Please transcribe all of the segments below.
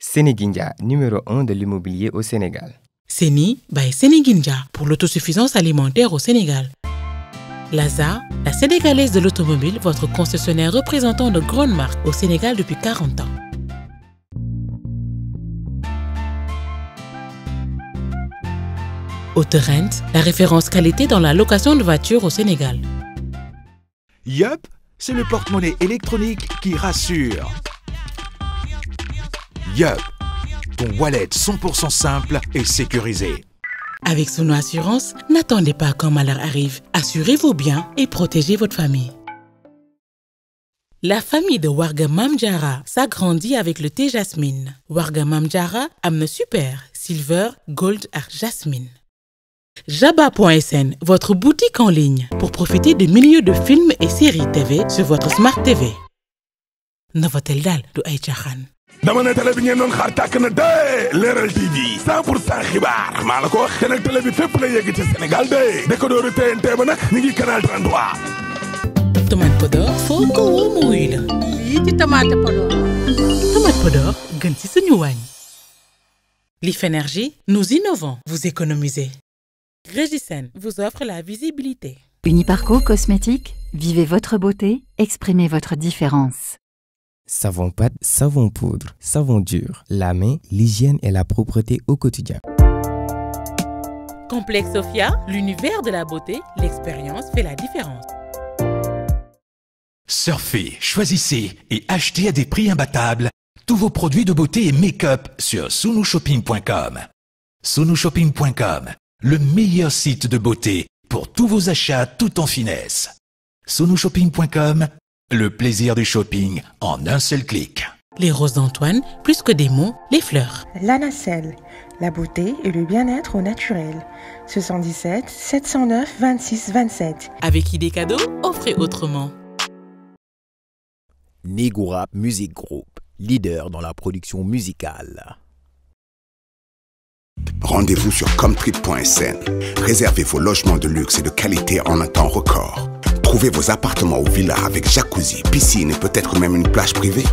Sénéguinja, numéro 1 de l'immobilier au Sénégal. Séné by pour l'autosuffisance alimentaire au Sénégal. Laza, la Sénégalaise de l'automobile, votre concessionnaire représentant de grandes marques au Sénégal depuis 40 ans. Autorent, la référence qualité dans la location de voitures au Sénégal. Yup, c'est le porte-monnaie électronique qui rassure. Yup, ton wallet 100% simple et sécurisé. Avec Sono Assurance, n'attendez pas quand malheur arrive. Assurez vous biens et protégez votre famille. La famille de Warga Mamjara s'agrandit avec le thé jasmine. Mamjara amne super, silver, gold et jasmine. Jabba.sn, votre boutique en ligne pour profiter des milieux de films et séries TV sur votre Smart TV. Novotel Dal de dama ne télé bi ngeen doon xaar tàkk na dee Leral TV 100 pour cent xibaar maa la ko wax te télé bi fépp la yegg ci Sénégal dee décodeur TNT ba nag ñu ngi canal 33 tomate Podor foo ko woo la lii ci tomate Podor tomate Podor gën ci suñu wàññ Lif Énergie nous innovons vous économisez Régisen vous offre la visibilité Uniparco Cosmétique vivez votre beauté exprimez votre différence savon pâte, savon poudre, savon dur, la main, l'hygiène et la propreté au quotidien. Complexe Sophia, l'univers de la beauté, l'expérience fait la différence. Surfez, choisissez et achetez à des prix imbattables tous vos produits de beauté et make-up sur sunushopping.com. sunushopping.com, le meilleur site de beauté pour tous vos achats tout en finesse. sunushopping.com, le plaisir du shopping en un seul clic. Les roses d'Antoine, plus que des mots, les fleurs. La nacelle, la beauté et le bien-être au naturel. 77 709 26 27. Avec des cadeaux offrez autrement. Négora Music Group, leader dans la production musicale. Rendez-vous sur comtrip.sn. Réservez vos logements de luxe et de qualité en un temps record. Trouvez vos appartements ou villas avec jacuzzi, piscine et peut-être même une plage privée.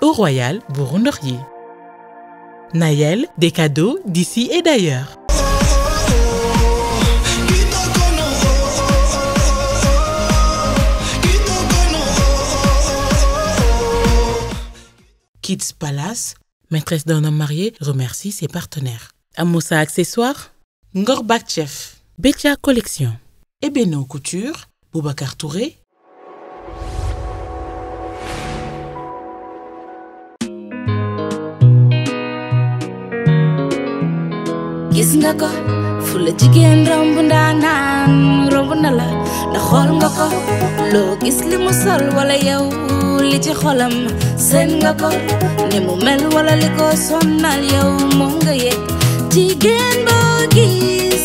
Au Royal, vous Nayel, des cadeaux d'ici et d'ailleurs. Kids Palace, maîtresse d'un homme marié, remercie ses partenaires. Amosa Accessoires, Ngorbachev, Chef, Betia Collection, Ebeno Couture, Boubacar Touré. gis nga ko na la na xool nga ko loo gis li mu sol wala ni mu mel wala li ko sonnal yow moom nga jigéen boo gis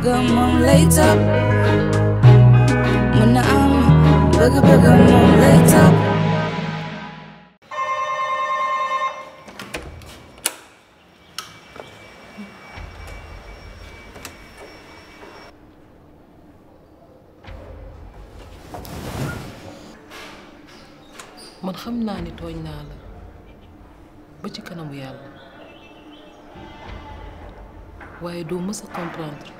bıgımım late up Mınağım bıgı bıgımım late up man xam naa ni tooñ naa la ba ci kanamu yàlla waaye doo mës comprendre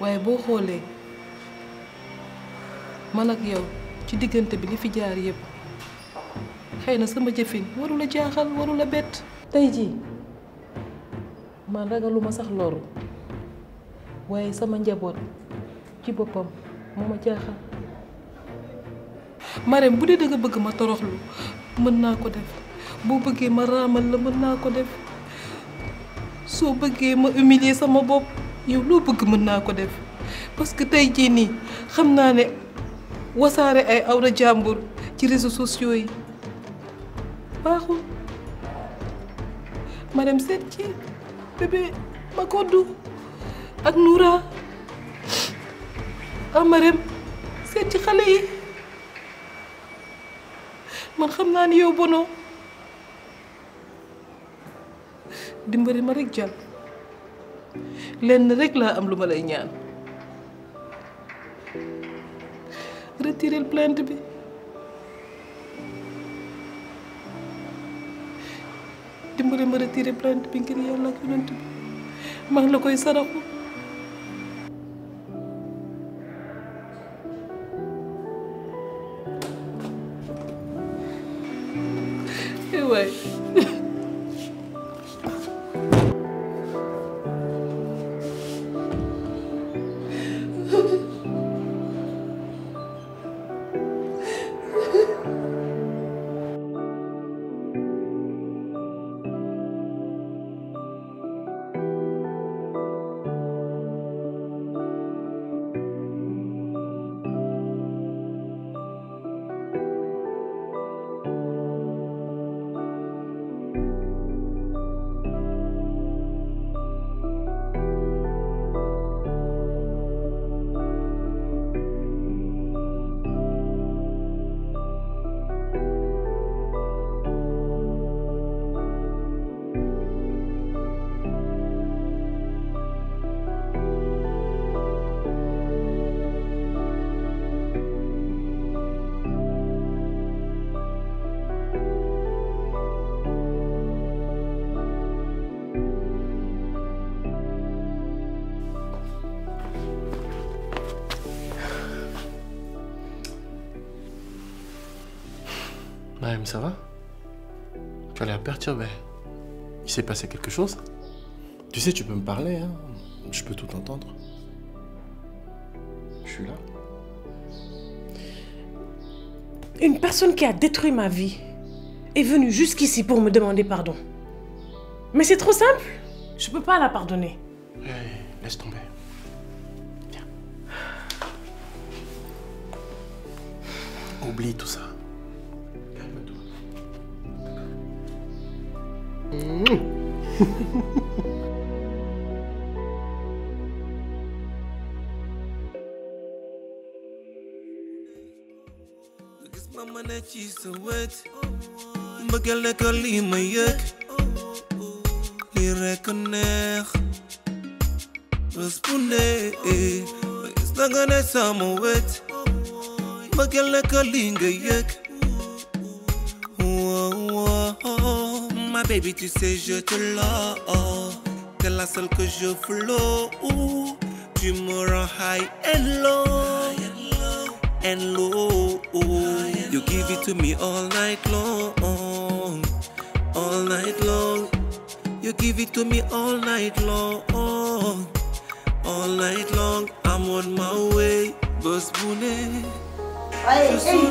waaye boo xoolee man ak yow ci diggante bi li fi jaar yépp xëy na sama jëfin waru la jaaxal waru la bett. tey jii man ragaluma sax loru waaye sama njaboot ci boppam moo ma jaaxal. Marème bu dee da bëgg ma toroxlu mën naa ko def boo bëggee ma raamal la mën naa ko def soo bëggee ma humilier sama bopp. yow loo bëgg mën naa ko def parce que tey jii nii xam naa ne wasaare ay awra jàmbur ci réseaux sociaux yi baaxul ma dem seet ci bébé ma koddu ak Noura amarem seet ci xale yi man xam naa ni yow bonoo dimbali ma rek jàll len rek la am luma lay ñaan retirel plainte bi dimbalé ma retirer plainte bi ngir yalla ak yonent bi ma ngi la koy saraxu ça va Tu as l'air perturbé. Il s'est passé quelque chose Tu sais, tu peux me parler, hein Je peux tout entendre. Je suis là. Une personne qui a détruit ma vie est venue jusqu'ici pour me demander pardon. Mais c'est trop simple. Je peux pas la pardonner. laisse tomber. Oublie tout ça. Mama na ci sa wet mbëggal nekk lii ma yëg lii rekk neex bés bu ne ma gis na nga ne sama wet mbëggal nekk lii nga Baby, tu sais, je te love. T'es la seule que je flow. Tu me rends high and low. And low. You give it to me all night long. All night long. You give it to me all night long. All night long. I'm on my way. bus Boulet. Hey, suis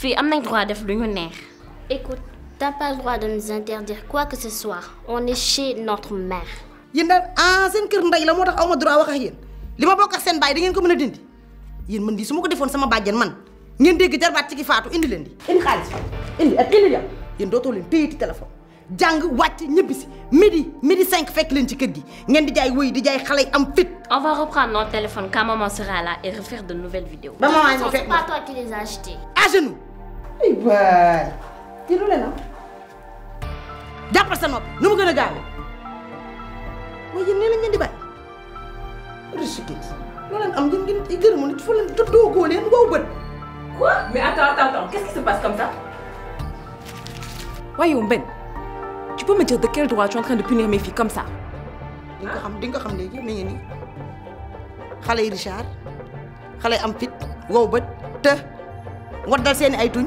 fii am nañ droit def lu ñu neex. écoute t'as pas le droit de nous interdire quoi que ce soit on est chez notre mère. yéen daal ah seen kër ndey la moo tax aw ma droit wax ak yéen li ma bokk ak seen baay da ngeen ko mën a dindi yéen man di su ma ko defoon sama bàjjen man ngeen dégg jarbaat ci ki faatu indi leen di. indi xaalis indi ak indi yow yéen téléphone. Jang, Wati, ñëpp midi midi 5, fekk leen ci kër gi ngeen di jaay woy di jaay xale am fit. on va reprendre notre téléphone quand maman sera là et refaire de nouvelles vidéos. ba maman ñu fekk c'est pas toi qui les as achetés. à genoux ay waay ci lu leen am jàppal sa nopp nu mu gën a gaawee ni yéen nee lañ leen di bàyyi risqué loo leen am ngeen ngeen gërëmoo nit fu leen doogoo leen wow quoi mais attends attends attends qu'est-ce qui se passe comme ça waaye yow Ben? tu peux me dire de quel droit tu es en train de punir mes filles comme ça di nga xam di nga xam léegi mi ngi nii xale Richard xale am fit wow bët te waddal seeni ay tuñ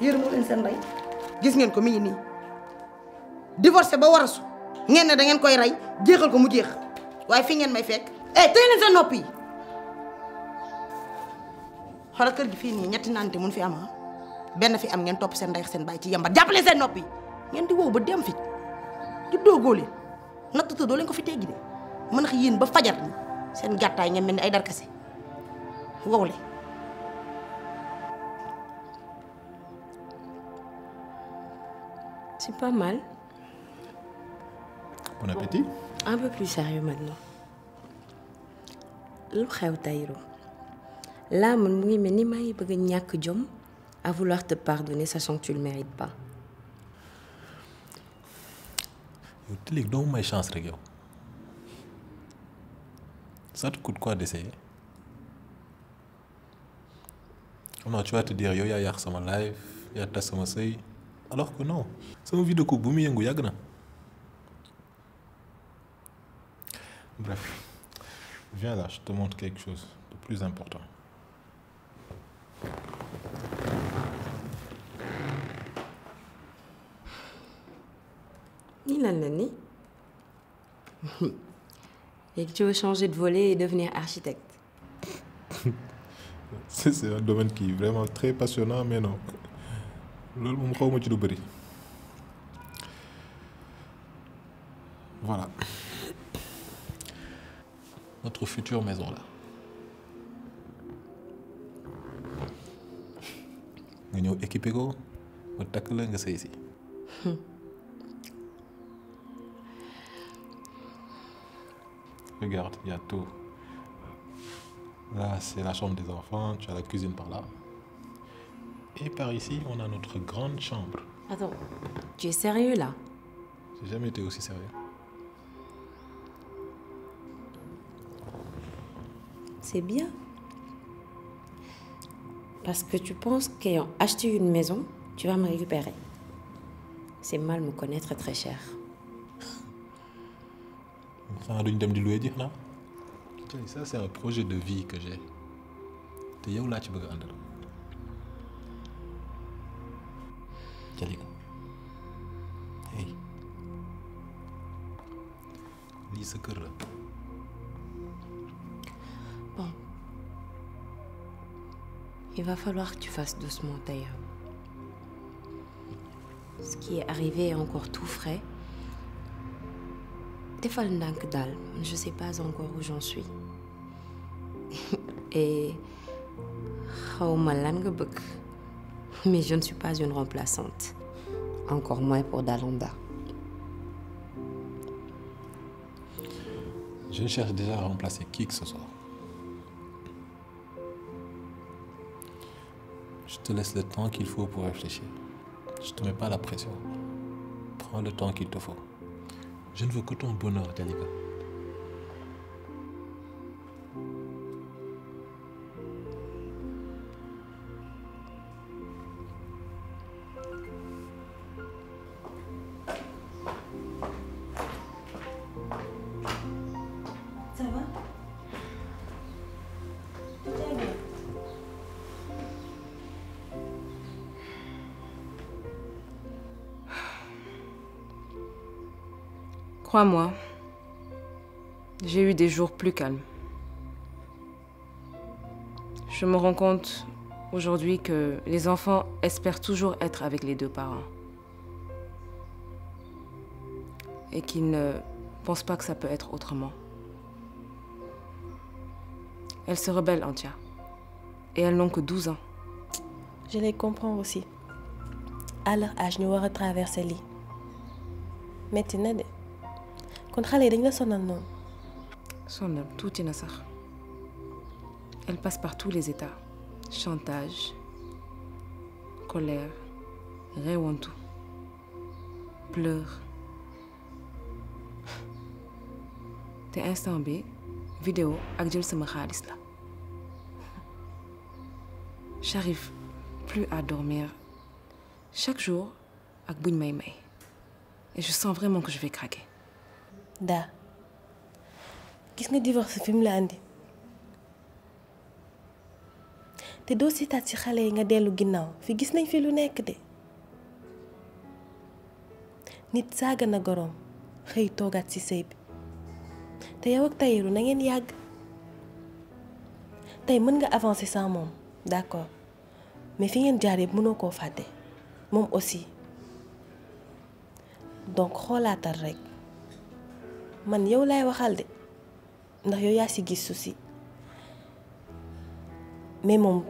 yërëmu en seen rey gis ngeen ko mi ngi nii divorcé ba war asu ngeen ne da ngeen koy rey jeexal ko mu fi ngeen may eh tey leen seen nopp yi xoolal kër gi fii nii ñetti naante mun fi am ah. benn fi am ngeen topp seen ndey seen bàyyi ci yembar jàppale seen nopp ngeen di wow ba dem fi di doogoo leen natt tëddoo leen ko fi teggi de mën a ba fajar ni seen gàttaay ngeen mel ay darkase wow c'est pas mal. Bon appétit. Un peu plus sérieux maintenant. lu xew Tahirou laa man mu pas mel ni à vouloir te pardonner sachant que tu le mérites pas. Tu n'as pas de chance rek yow ça te coûte quoi d'essayer non tu vas te dire yow tu yàq sama life yaa ta sama sëy alors que non sama vie de couple bu mu bref viens là je te montre quelque chose de plus important ni la ni et que tu veux changer de volet et devenir architecte c'est un domaine qui est vraiment très passionnant mais non loolu ci voilà. notre future maison là. nga ñëw équipé ko sommes takk la nga Regarde, il y a tout. Là, c'est la chambre des enfants, tu as la cuisine par là. Et par ici, on a notre grande chambre. Attends, tu es sérieux là J'ai jamais été aussi sérieux. C'est bien. Parce que tu penses qu'ayant acheté une maison, tu vas me récupérer. C'est mal me connaître très cher. Ça, c'est un projet de vie que j'ai. Tu es là, tu veux grandir. bon il va falloir que tu fasses doucement d'ailleurs ce qui est arrivé est encore tout frais Je ne je sais pas encore où j'en suis et mais je ne suis pas une remplaçante encore moins pour Dalanda Je cherche déjà à remplacer qui que ce soit. Je te laisse le temps qu'il faut pour réfléchir. Je ne te mets pas la pression. Prends le temps qu'il te faut. Je ne veux que ton bonheur, Danica. Crois-moi, j'ai eu des jours plus calmes. Je me rends compte aujourd'hui que les enfants espèrent toujours être avec les deux parents. Et qu'ils ne pensent pas que ça peut être autrement. Elles se rebellent Antia. Et elles n'ont que 12 ans. Je les comprends aussi. À leur âge, nous traverser mais lit. Maintenant, kon xale yi dañ la sonal non sonal tout na sax elle passe par tous les états chantage colère rewantu pleurs Té instant bi vidéo ak jël sama xaalis la j'arrive plus à dormir chaque jour ak buñ may may et je sens vraiment que je vais craquer. daa gis nga divorce fi mu la andi te doo siitaat ci xale yi nga dellu ginnaaw fi gis nañ fi lu nekk de nit saaga na goroom xëy toogaat ci sëy bi te yow ak Tahirou na ngeen yàgg tey mën nga avancer sans moom d'accord mais fi ngeen jaar yëpp mënoo koo fàtte moom aussi donc xoolaatal rekk. man yow waxal mais mon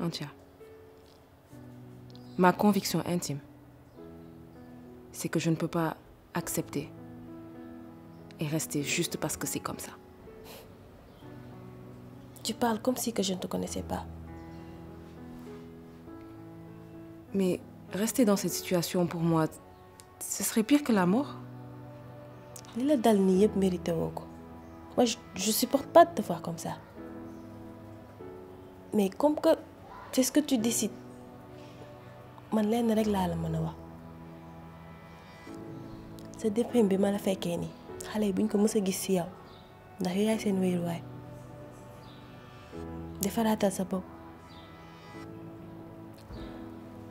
Antia ma conviction intime c'est que je ne peux pas accepter et rester juste parce que c'est comme ça. Tu parles comme si je ne te connaissais pas. Mais rester dans cette situation pour moi, ce serait pire que la mort li la dal nii yëpp mérité woo moi je, supporte pas de te voir comme ça mais comme que c'est ce que tu décides man lenn rek laa la mën a wax sa déprime bi ma la fekkee nii xale yi buñ ko mës a gis ci yow ndax yow yaay seen wéeruwaay defaraatal sa bopp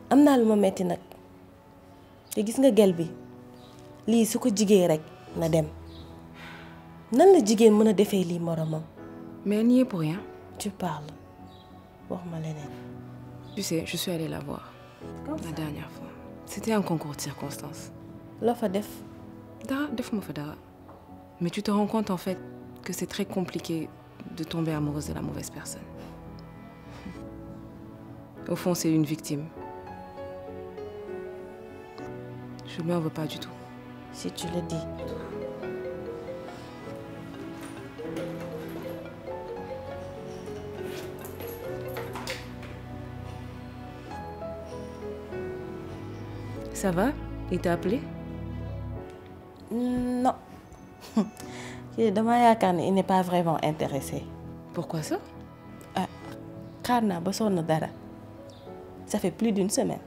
am naa lu ma metti nag te gis nga gel bi lii su ko femme. rek na dem nan la jigéen mën moromam. mais elle n'y est pour rien. tu parles wax ma tu sais je suis allée la voir. la dernière fois. c'était un concours de circonstances. loo fa def. dara defuma fa dara. mais tu te rends compte en fait que c'est très compliqué de tomber amoureuse de la mauvaise personne. Au fond, c'est une victime. Je ne m'en veux pas du tout. Si tu le dis. Ça va Il t'a appelé mm, Non. demain à il n'est pas vraiment intéressé. Pourquoi ça ah dara ça fait plus d'une semaine.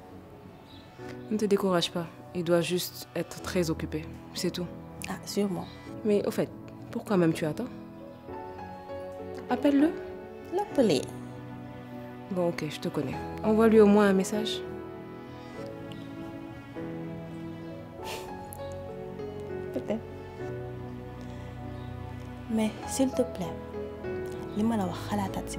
Ne te décourage pas. Il doit juste être très occupé, c'est tout. Ah, sûrement. Mais au fait, pourquoi même tu attends Appelle-le. L'appeler. Bon, ok, je te connais. Envoie-lui au moins un message. Peut-être. Mais s'il te plaît, les la si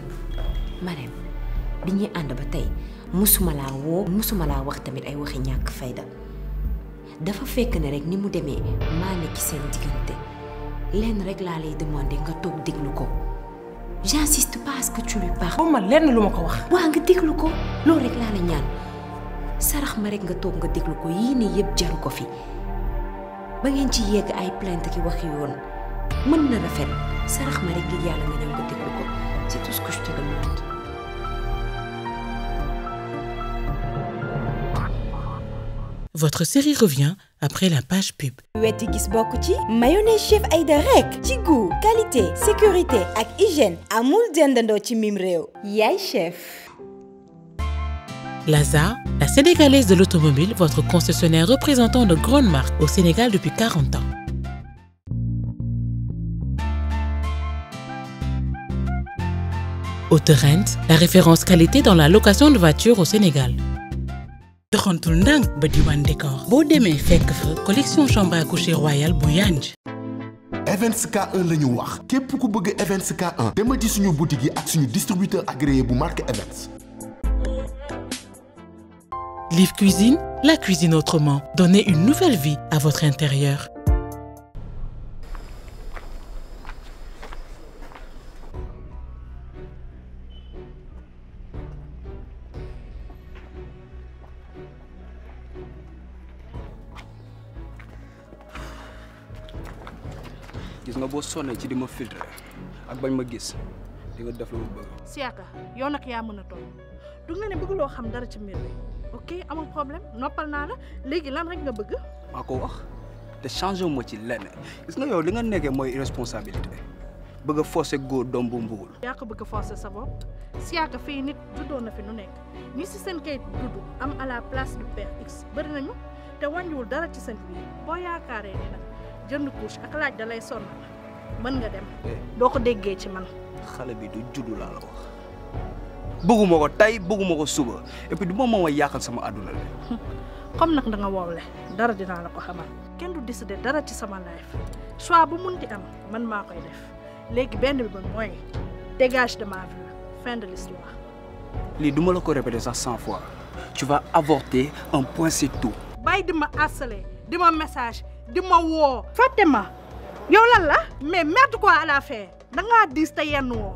Mare, bi ñuy ànd ba tey musuma laa woo musuma laa wax tamit ay waxi fayda dafa fekk ne rek ni mu demee maa ne ci seen diggante lenn rek laa lay demandé nga toog déglu ko j'insiste pas à ce que tu lui parles. xaw ma lenn lu ma ko wax. waa nga déglu ko loolu rek laa la ñaan sarax ma rek nga nga ko jaru ko fi ba ngeen ci yegg ay plainte ki wax yoon mën na rafet sarax ma rek ngir nga ko c'est tout ce que je te demande. Votre série revient après la page pub. mayonnaise chef qualité sécurité hygiène chef Laza, la Sénégalaise de l'automobile, votre concessionnaire représentant de grandes marques au Sénégal depuis 40 ans. Autorent, la référence qualité dans la location de voitures au Sénégal doxantul ndànk ba diwaan décor boo demee fekk fa collection chambre à coucher royale bu yanj Events K1 la ñu wax képp ku bëgg Events K1 dema ci suñu boutique yi ak suñu distributeur agréé bu marque Events Live Cuisine, la cuisine autrement. Donnez une nouvelle vie à votre intérieur. boo sonnee ci di ma filtre ak bañ ma gis di nga def lu bëgg. Siaka yow nag yaa mën a toog du nga ne bëgg loo xam dara ci mbir mi ok amul problème noppal naa la léegi lan rek nga bëgg. ma ko wax te changé wu ci lenn gis nga yow li nga nekkee mooy irresponsabilité bëgg a forcer góor doom bu mbugul yaa ko bëgg a forcer sa bopp Siaka fii nit juddoo na fi nu nekk ñi si seen kayit dudd am à place du père x bëri nañu te wàññiwul dara ci seen biir boo jënd couche ak laaj mën nga dem eh. doo ko déggee ci man xale bi du juddu laa la wax bëgguma ko tey suba et puis du ma moom a sama àdduna la comme nak da nga woowle dara dinaa la ko xamal kenn du décider dara ci sama life choix bu mun di am man maa koy def léegi benn bi ba mooy dégage de ma vie fin de l'histoire lii duma la ko répéter sax cent fois tu vas avorter un point c'est tout bàyyi di ma harceler di ma message di ma woo fàtte yow lan la mais merde quoi à la fin da ngaa diis te yenn woo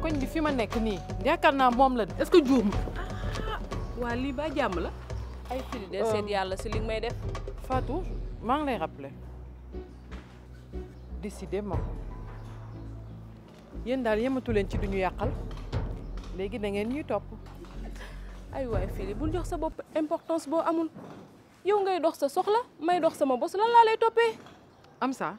koñ bi fi la est-ce que juum waa ba la ay de li may Fatou lay rappeler décidément yeen dal yematu len ci duñu yakal léegi da ngeen ñuy top ay way Fili bul jox sa bop importance bo amul yow ngay dox sa soxla may dox sama boss lan la lay topé am sa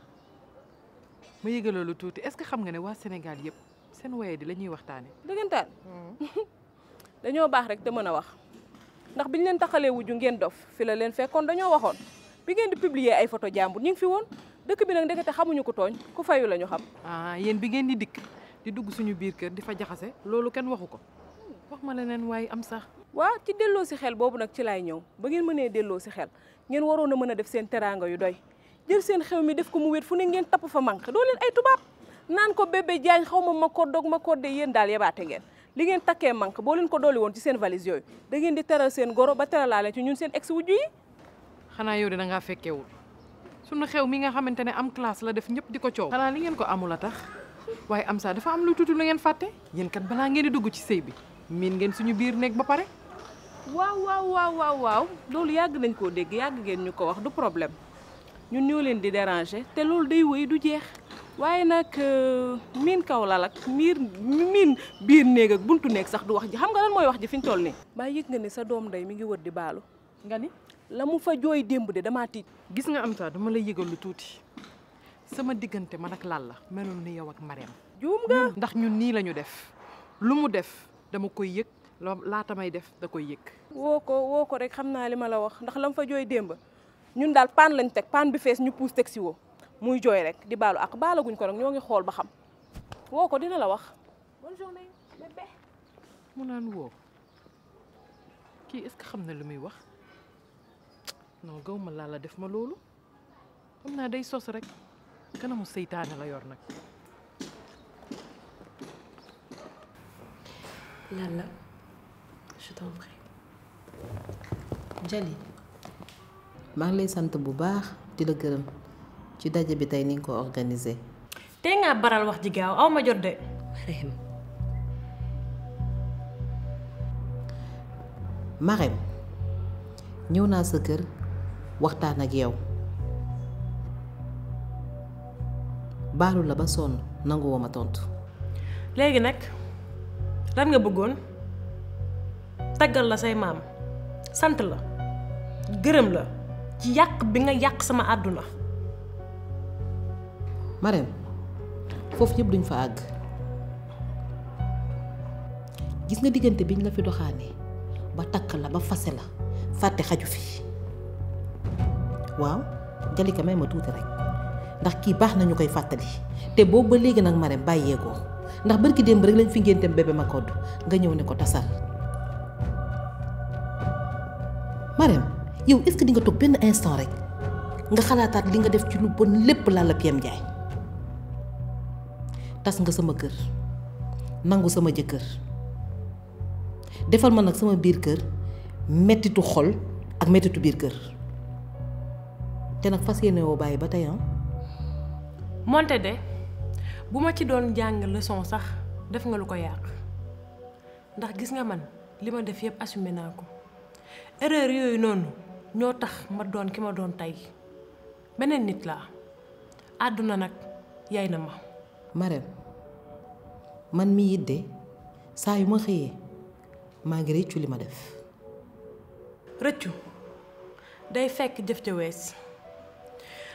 ma yëgaloo lu tuuti est-ce que xam nga né wa Sénégal yépp sen wayé di lañuy waxtané dëgëntal dëggantaan hmm. dañoo baax rek te mëna wax ndax biñ len taxalé wuju ngeen dof fi la len fekkon dañoo waxon bi ngeen di publier ay photo jambour ñing fi won dëkk bi nag te xamuñu ko tooñ ku fayu la ñu xam. ah yéen bi ngeen di dikk di dugg suñu biir kër di fa jaxase loolu kenn waxu ko wax ma leneen waaye am sax. waaw ci delloo si xel boobu nag ci laay ñëw ba ngeen mënee delloo si xel ngeen waroon a mën a def seen teraanga yu doy jël seen xew mi def ko mu wéet fu ne ngeen tapp fa manque doo ay tubaab naan ko bébé jaañ xaw ma ma ko dog ma ko de yéen daal yebaate ngeen li ngeen takkee manque boo leen ko dolli woon ci seen valise yooyu di teral seen goro ba teralaale ci ñun seen ex wujju xanaa yow de da ngaa sunu xew mi nga xamante ne am classe la def ñëpp di ko coow. xanaa li ngeen ko amul a tax waaye am saa dafa am lu tuuti lu ngeen fàtte yéen kat balaa ngeen di dugg ci sëy bi miin ngeen suñu biir néeg ba pare. waaw waaw waaw waaw waaw loolu yàgg nañ koo dégg yàgg ngeen ñu ko wax du problème ñu ñoo leen di déranger te loolu day woy du jeex waaye nag euh, miin kaw lal ak miir miin biir néeg ak buntu néeg sax du wax ji xam nga lan mooy wax ji fi ñu toll nii. maa yëg nga ni sa doom day mi ngi wër di baalu nga ni. la mu fa jooy démb de dama tiit. gis nga am saa dama lay yëgal lu tuuti sama diggante man ak Lalla melul ni yow ak Mariam. juum nga ndax ñun nii la ñu def lu mu def dama koy yëg laata may def da koy yëg. ko rek xam naa li ma la wax ndax la mu fa jooy démb ñun daal paan lañ teg paan bi fees ñu puus teg si woo muy jooy rek di baalu ak baalaguñ ko rek ñoo ngi xool ba xam woo ko dina la wax. mu naan woo kii est-ce xam na lu muy wax. non gaw ma laa la def ma loolu xam naa day sos rek kanamu seytaane la yor nag. Lalla je t'en Jali maa ngi lay sant bu baax di la gërëm ci daje bi tey ni ko organisé. tey ngaa baral wax ji gaaw jot de. Marème Marème ñëw naa sa kër. waxtaan ak yow baalu la ba sonn nanguwoo ma tontu. léegi nag lan nga bëggoon taggal la say maam sant la gërëm la ci yàq bi nga yàq sama àdduna. Marem, foofu yëpp duñ fa àgg gis nga diggante biñ la fi doxaanee ba takk la ba fase la fàtte waaw jali ka même tuuti rek ndax kii baax nañu koy fàttali te boobu ba léegi nag Marème bàyyeekoo ndax barki démb rek lañ fi ngénteem bébé ma kodd nga ñëw ne ko tasal Marème yow est-ce que di nga toog benn instant rek nga xalaataat li nga def ci lu bon lépp laa la Piem jaay tas nga sama kër nangu sama jëkkër defal ma nag sama biir kër mettitu xol ak mettitu biir kër te nag fas yéene woo bàyyi ba tey ah. moonte de bu ma ci doon jàng leçon sax def nga lu ko yàq ndax gis nga man li ma def yëpp assume naa ko erreur yooyu noonu ñoo tax ma doon ki ma doon tey beneen nit la àdduna nag yay na ma. Marème man mi it de saa yu ma xëyee maa ngi rëccu li ma def. rëccu day fekk jëf ca wees.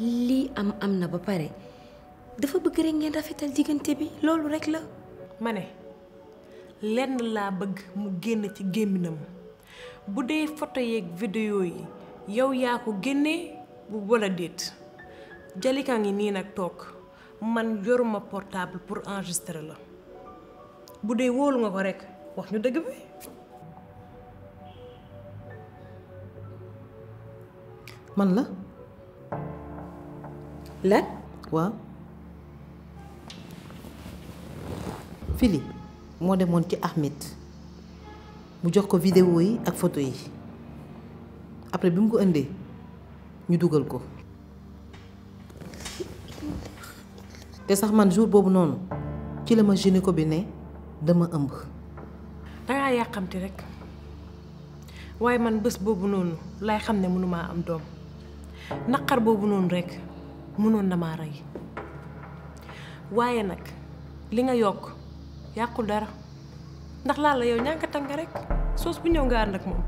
lii am am na ba pare dafa bëgg rek ngeen rafetal diggante bi loolu rekk la. ma ne lenn laa bëgg mu génn ci gémminam bu dee foto yeeg vidéo yi yow yaa ko génnee bu wala déet Jalika ngi nii nag toog man yoruma portable pour enregistrer la bu dee wóolu nga ko rekk wax ñu dëgg bi. man la. la waaw fili moo demoon ci Ahmed mu jox ko vidéo yi ak photo yi après bi mu ko indee ñu dugal ko te sax man jour boobu noonu ci la ma gynéco bi ne dama ëmb dangaa yàqamti rek waaye man bés boobu noonu laay xam ne mënumaa am doom naqar boobu noonu rek mënoon na maa rey waaye nag li nga yokk yàqul dara ndax laal la yow ñàkk a tàng soos bu ñëw nga ànd ak moom.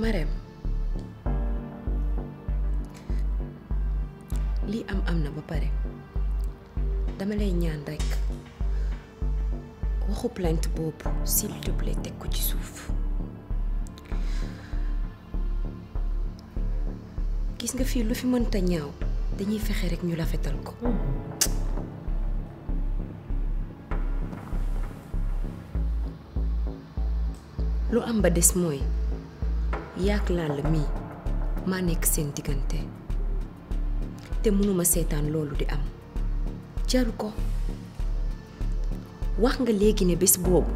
Marème lii am am na ba pare dama lay ñaan rek waxu plainte boobu s'il te plaît teg ko ci suuf. gis nga fii lu fi mënta ñaaw dañuy fexe rek ñu rafetal ko. lu am ba des mooy yaak laal mii maa nekk seen diggante te mënuma seetaan loolu di am jaru ko wax nga léegi ne bés boobu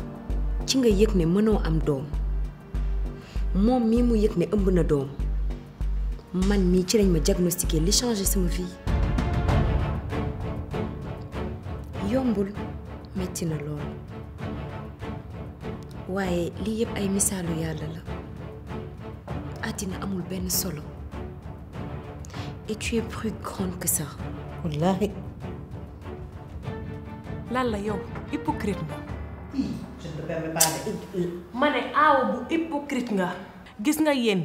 ci nga yëg ne mënoo am doom moom mii mu yëg ne ëmb na doom man mi ci lañ ma diagnostiquer li changer sama vie yombul metti na lool waaye lii yëpp ay misaalu yàlla la àddina amul benn solo et tu es plus grande que ça. wallahi lan la yow hypocrite nga. je ne te permets pas de. ma ne aaw bu hypocrite nga. gis nga yéen.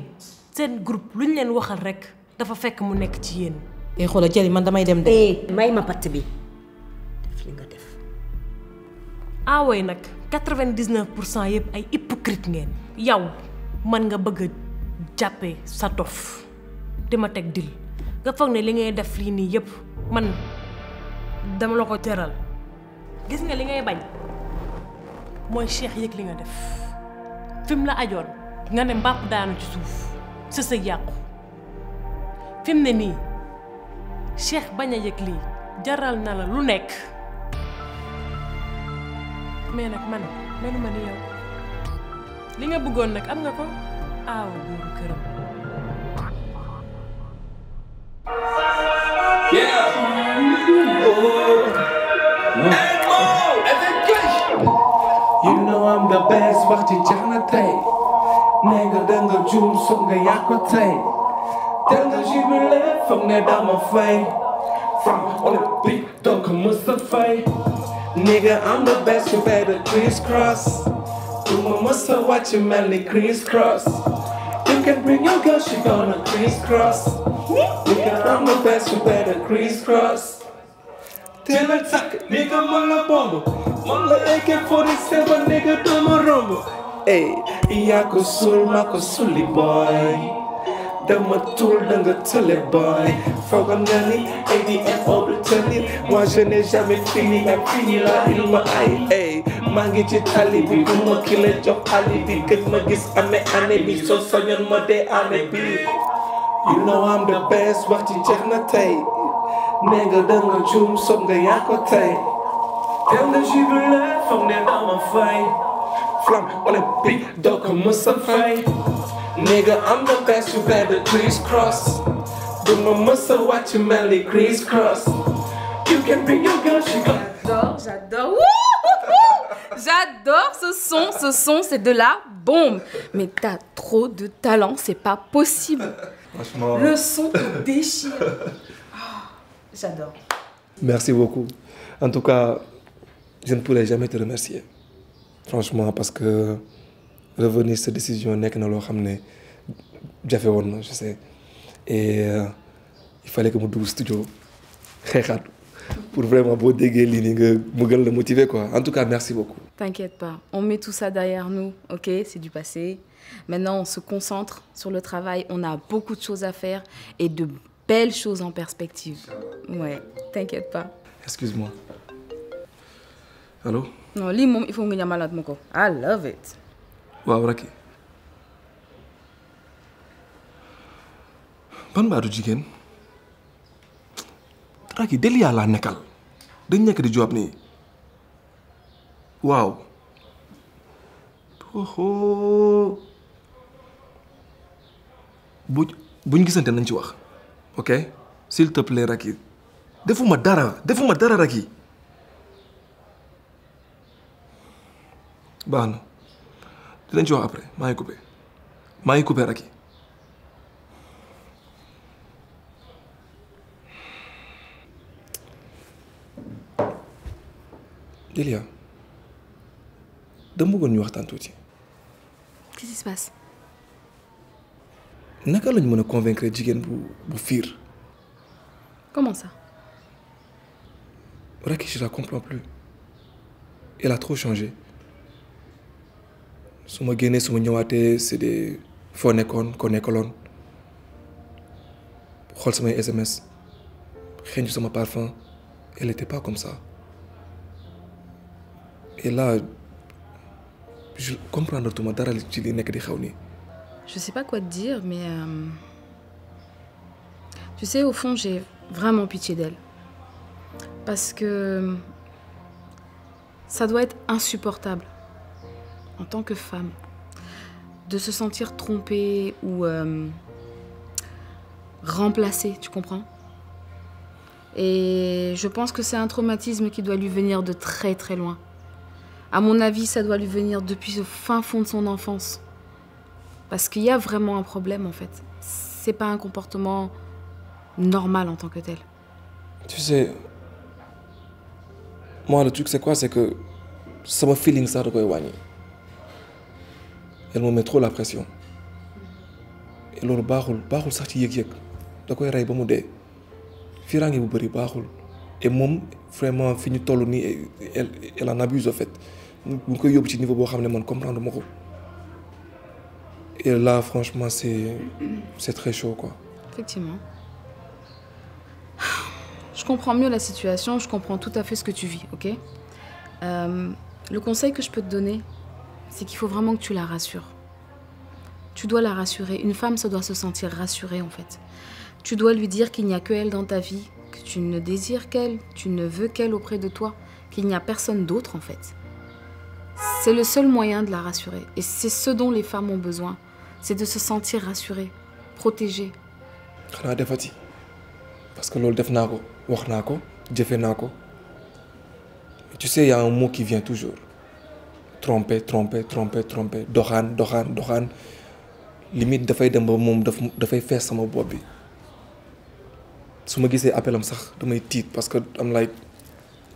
seen groupe lu ñu leen waxal rek dafa fekk mu nekk ci yéen. tey eh, xoolal jëli man damay dem de. Eh, may ma patt bi def li nga def. Ah, aawooy nag quatre vingt dix pour cent yëpp ay hypocrite ngeen. yow man nga bëgg a jàppee sa dof ma teg dil nga foog ne li ngay def lii nii yëpp man dama la ko teral gis nga li ngay bañ mooy Cheikh yëg li nga def fi la ajoon nga ne mbàpp daanu ci suuf. sese sëy yàqu fi ne Cheikh baña yek li jaral na la lu nek me nak man meluma ni yow li nga bëggoon nak am nga ko aaw buuru këram You know I'm the best Watch it, Jonathan. 내가 된걸 중성의 약화태 된걸 집을래 from 내 담아페 From on the beat don't come Mustafa Nigga I'm the best you better crisscross You must muscle watch you manly crisscross You can bring your girl she gonna crisscross Nigga I'm the best you better crisscross Till I tuck it nigga mala bomba Mala AK-47 nigga do my rumble Ayy Ia ko sul my ko suli boy Damatul danga tele boy Frog on nanny, ADF overturning Moi je n'ai jamais fini, à fini là il eh. m'a aïe hey. maa ngi ci tali bi du ma ki la jox xali i gëj ma gis amee année bi day, i ma dee année bi you know I'm the best wax ci jeex na tey nee nga danga juum sob nga yaa the tey dem from jubile foog ne dama fay flam on a big dog comme Nigga, I'm the best, you better crisscross mon muscle, watch you melly crisscross You can bring your girl, she got J'adore, j'adore, J'adore ce son, ce son, c'est de la bombe Mais t'as trop de talent, c'est pas possible Franchement... Le son te déchire ah, J'adore Merci beaucoup. En tout cas, je ne pourrais jamais te remercier franchement parce que revenir cette décision nek na lo xamné je sais et euh, il fallait que mon douce studio pour vraiment beau déguer motiver quoi en tout cas merci beaucoup. t'inquiète pas on met tout ça derrière nous ok c'est du passé maintenant on se concentre sur le travail on a beaucoup de choses à faire et de belles choses en perspective ouais t'inquiète pas. excuse-moi allô. lii moom il faut nga ñamalaat ma ko I love it. waaw Racky ban baatu jigéen Racky Delia laa nekkal dañ nekk di job nii waaw oho bu buñ gisante nañ ci wax ok s'il te plaît Racky defuma dara defuma dara Racky Bah non. dinañ ci après maa coupé maa coupé coupé qui Delia dama bëggoon ñu waxtaan tuuti. qu'est-ce qui se passe. Nakal, lañ nous convaincre jigéen bu pour fuir..? comment ça. Raki, je ne la comprends plus. Elle a trop changé su ma génnee su c'est des foo nekkoon ko nekkaloon xool samay SMS xeeñu sama parfum elle était pas comme ça et là je comprendre ma dara ci li nekk di xew nii. je sais pas quoi te dire mais euh, tu sais au fond j'ai vraiment pitié d'elle parce que ça doit être insupportable en tant que femme, de se sentir trompée ou euh, remplacée, tu comprends Et je pense que c'est un traumatisme qui doit lui venir de très très loin. À mon avis, ça doit lui venir depuis le fin fond de son enfance. Parce qu'il y a vraiment un problème en fait. C'est pas un comportement normal en tant que tel. Tu sais, moi le truc c'est quoi C'est que ça feeling ça da quoi wàññi elle me met trop la pression et leur baaxul baaxul sorti ci yek. yëg da koy ray ba mu dee firange bu bari baaxul et mom vraiment fini tolu ni elle elle en abuse en fait mu ngi koy yob ci niveau bo xamné ne man comprendre ma et là franchement c'est c'est très chaud quoi. effectivement je comprends mieux la situation je comprends tout à fait ce que tu vis ok euh, le conseil que je peux te donner c'est qu'il faut vraiment que tu la rassures. Tu dois la rassurer. Une femme, ça doit se sentir rassurée, en fait. Tu dois lui dire qu'il n'y a que elle dans ta vie, que tu ne désires qu'elle, tu ne veux qu'elle auprès de toi, qu'il n'y a personne d'autre, en fait. C'est le seul moyen de la rassurer. Et c'est ce dont les femmes ont besoin. C'est de se sentir rassurée, protégée. parce que tu sais il y a un mot qui vient toujours trompé trompé trompé trompé dohan dohan dohan limite fay dem ba moom da fay fess sama buabi. bi suma ma gisee appel am sax damay tit parce que am like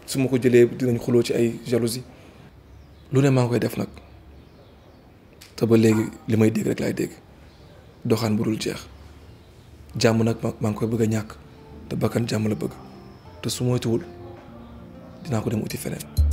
suma ko jëlee dinañ xulo ci ay jalousie lu ne ma ngoy def nak ta ba léegi limay may dégg rek lay dégg dohan bu jeex jàmm nak ma ngoy bëgg ñak te la bëgg te tuul dina ko dem uti fenen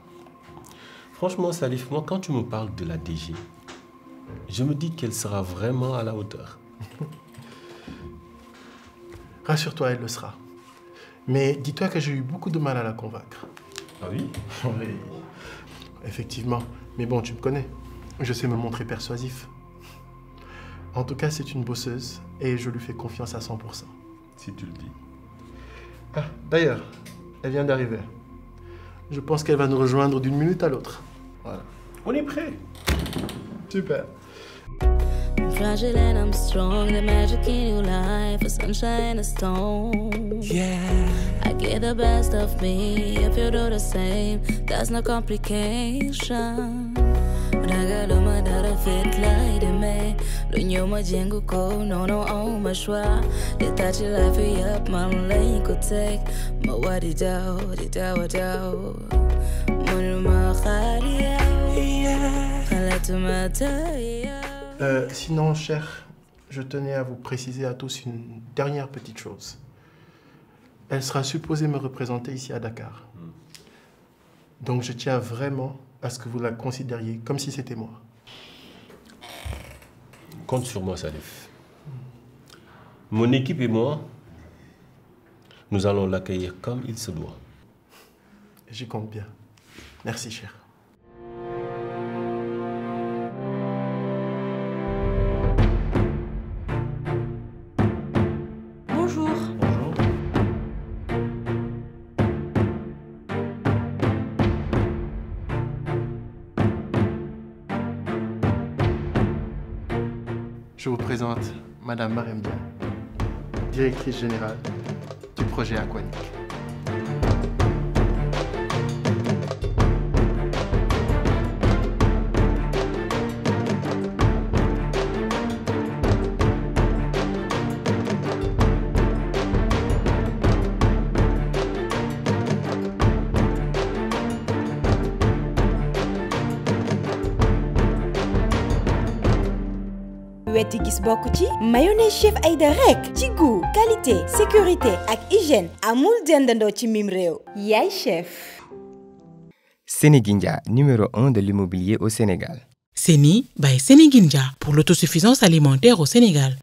Franchement, Salif, moi, quand tu me parles de la DG, je me dis qu'elle sera vraiment à la hauteur. Rassure-toi, elle le sera. Mais dis-toi que j'ai eu beaucoup de mal à la convaincre. Ah oui Oui. Effectivement. Mais bon, tu me connais. Je sais me montrer persuasif. En tout cas, c'est une bosseuse et je lui fais confiance à 100%. Si tu le dis. Ah, d'ailleurs, elle vient d'arriver. Je pense qu'elle va nous rejoindre d'une minute à l'autre. Voilà. On est prêt. Super. fragile and I'm strong. The magic in your life, a sunshine, a stone. Yeah. I get the best of me if you do the same. There's no complication. Regalo madara fit light in me. Dunyo majengo ko no no au oh mashwa. Itachi life up my lane could take. Ma wadi dao, di dao dao. Munu ma khaliya. Euh, sinon, cher, je tenais à vous préciser à tous une dernière petite chose. Elle sera supposée me représenter ici à Dakar. Hmm. Donc je tiens vraiment à ce que vous la considériez comme si c'était moi. Compte sur moi, Salif. Mon équipe et moi, nous allons l'accueillir comme il se doit. J'y compte bien. Merci, cher. présente Madame Maremdia, directrice générale du projet Aquanique. wetti gis bokk ci mayonnaise chef Aïda rek ci goût qualité sécurité ak hygiène amul dendandoo ci mim réew yaay chef Sénégindia, numéro 1 de l'immobilier au Sénégal. Seni, by Sénégindia pour l'autosuffisance alimentaire au Sénégal.